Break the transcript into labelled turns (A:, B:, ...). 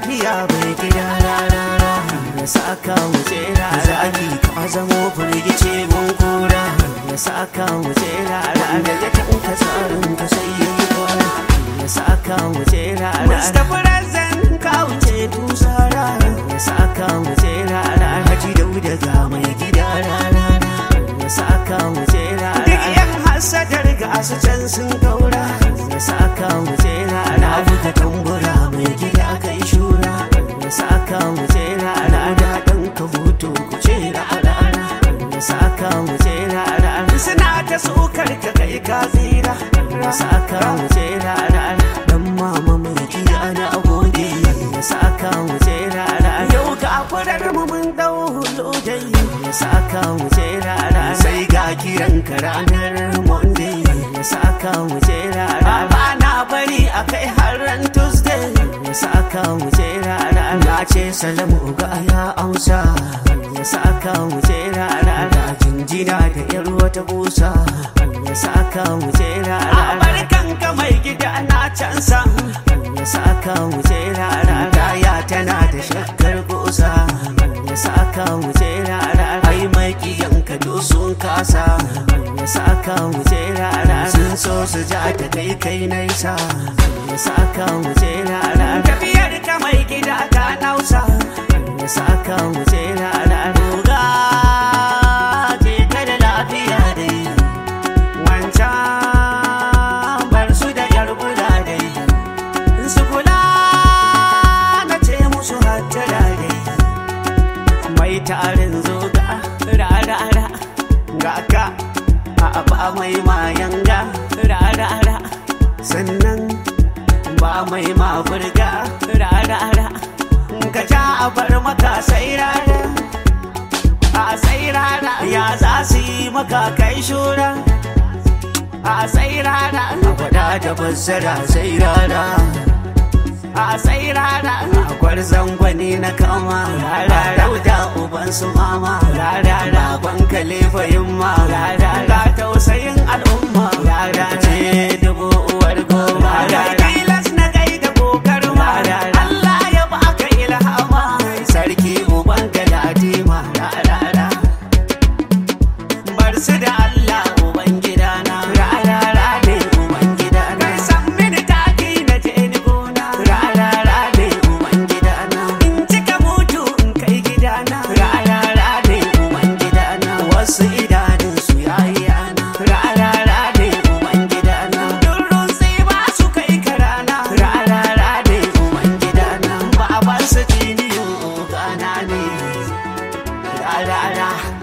A: lafiya bai gida na, rana ya saka wuce rana zaki ka zamo firgice mun kura sa saka wuce rana da ya taɓa ka tsarin ka sai ya yi kwana ya saka wuce rana Mustapha Razan ka wuce dusa rana ya saka wuce rana Haji Dauda ga mai gida na, rana ya saka wuce rana Duk yan hasadar ga su can sun gaura ya saka wuce rana Abu ka tambura ka tsira ya sa aka wuce rana dan mama mai gida na agoge ya sa aka wuce rana yau ga furar mu mun dau ya sa aka wuce rana sai ga kiran ka ranar ya sa aka wuce rana ba na bari akai har ran tuesday ya sa aka wuce rana na ce salamu ga ya amsa ya sa aka wuce rana jinjina da yar wata busa ya saka mu jera ka mai gida na cansa ya saka mu jera rara ya tana da shakkar kusa ya saka mu rara ai mai kiyanka sun kasa ya saka mu rara sun so su ja ta kai kai nisa ya saka mu jera rara ba mai mayanga ra-ra-ra sannan ba mai mafurga ra-ra-ra ka ja a bar maka sai rana a sai rana ya za su yi maka kai shura a sai rana a gwada da bazzara sai rana a sai rana a gwarzon gwani na kama rana baban su mama rada baban kalefa yamma rada ga tausayin al'umma rada ce dubu uwar goma rada tilas na gai da kokar ma Allah ya baka ilhama sarki uban galatima rada bar su da Allah la la la.